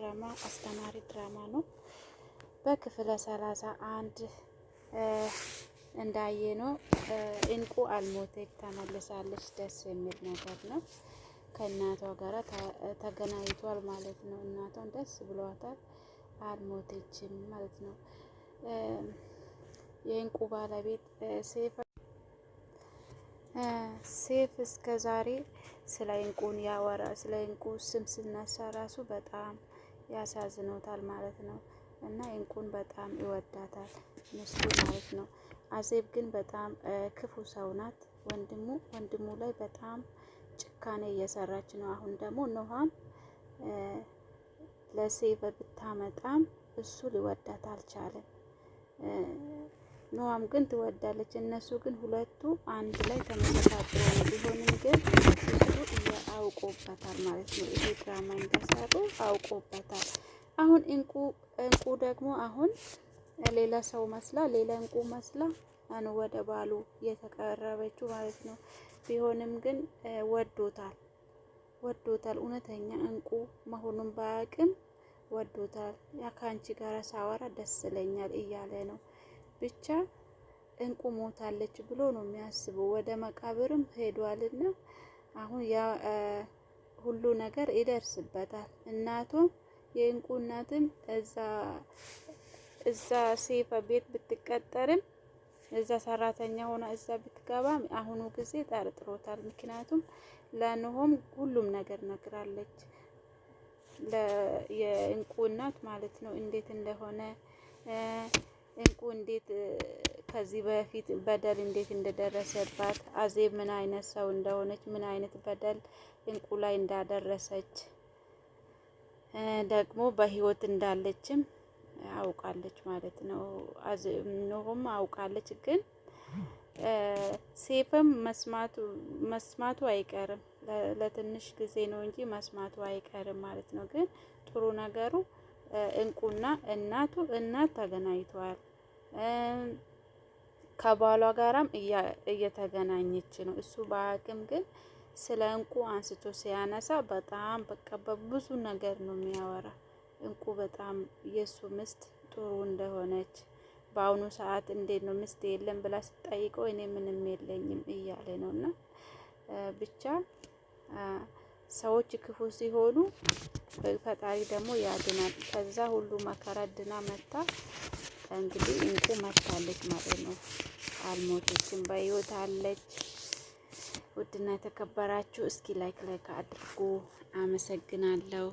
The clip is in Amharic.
ድራማ አስተማሪ ድራማ ነው። በክፍለ ሰላሳ አንድ ነው እንቁ አልሞተች ተመልሳለች። ደስ የሚል ነገር ነው። ከእናቷ ጋር ተገናኝቷል ማለት ነው። እናቷን ደስ ብሏታል። አልሞቴችም ማለት ነው። የእንቁ ባለቤት ሴፍ ሴፍ እስከ ዛሬ ስለ እንቁን ያወራ ስለ እንቁ ስም ስነሳ ራሱ በጣም ያሳዝኖታል ማለት ነው። እና እንቁን በጣም ይወዳታል ምስሉ ማለት ነው። አዜብ ግን በጣም ክፉ ሰው ናት። ወንድሙ ወንድሙ ላይ በጣም ጭካኔ እየሰራች ነው። አሁን ደግሞ ኖሃም ለሴ ብታመጣም እሱ ሊወዳት አልቻለም። ኖዋም ግን ትወዳለች። እነሱ ግን ሁለቱ አንድ ላይ ተመሳሳጥረው ቢሆንም ግን እሱ አውቆበታል ማለት ነው። ይሄ ድራማ እንደሰሩ አውቆበታል። አሁን እንቁ እንቁ ደግሞ አሁን ሌላ ሰው መስላ ሌላ እንቁ መስላ አን ወደ ባሉ የተቀረበችው ማለት ነው። ቢሆንም ግን ወዶታል ወዶታል። እውነተኛ እንቁ መሆኑን ባያቅም ወዶታል። ከአንቺ ጋር ሳወራ ደስ ይለኛል እያለ ነው ብቻ እንቁ ሞታለች ብሎ ነው የሚያስበው። ወደ መቃብርም ሄዷልና አሁን ያ ሁሉ ነገር ይደርስበታል። እናቱም የእንቁ እናትም እዛ እዛ ሴፈ ቤት ብትቀጠርም እዛ ሰራተኛ ሆና እዛ ብትገባም አሁኑ ጊዜ ጠርጥሮታል። ምክንያቱም ለነሆም ሁሉም ነገር ነግራለች፣ የእንቁ እናት ማለት ነው እንዴት እንደሆነ እንቁ እንዴት ከዚህ በፊት በደል እንዴት እንደደረሰባት አዜብ ምን አይነት ሰው እንደሆነች ምን አይነት በደል እንቁ ላይ እንዳደረሰች ደግሞ በህይወት እንዳለችም አውቃለች ማለት ነው። ኑሁም አውቃለች። ግን ሴፍም መስማቱ መስማቱ አይቀርም ለትንሽ ጊዜ ነው እንጂ መስማቱ አይቀርም ማለት ነው። ግን ጥሩ ነገሩ እንቁና እናቱ እናት ተገናኝተዋል። ከባሏ ጋራም እየተገናኘች ነው። እሱ በአቅም ግን ስለ እንቁ አንስቶ ሲያነሳ በጣም በቃ በብዙ ነገር ነው የሚያወራ። እንቁ በጣም የእሱ ምስት ጥሩ እንደሆነች በአሁኑ ሰዓት እንዴት ነው ምስት የለም ብላ ስጠይቀው እኔ ምንም የለኝም እያለ ነው። እና ብቻ ሰዎች ክፉ ሲሆኑ ፈጣሪ ደግሞ ያድናል። ከዛ ሁሉ መከራ ድና መታ እንግዲህ እንቁ መታለች ማለት ነው። አልሞተችም፣ በህይወት አለች። ውድና የተከበራችሁ እስኪ ላይክ ላይክ አድርጉ። አመሰግናለሁ።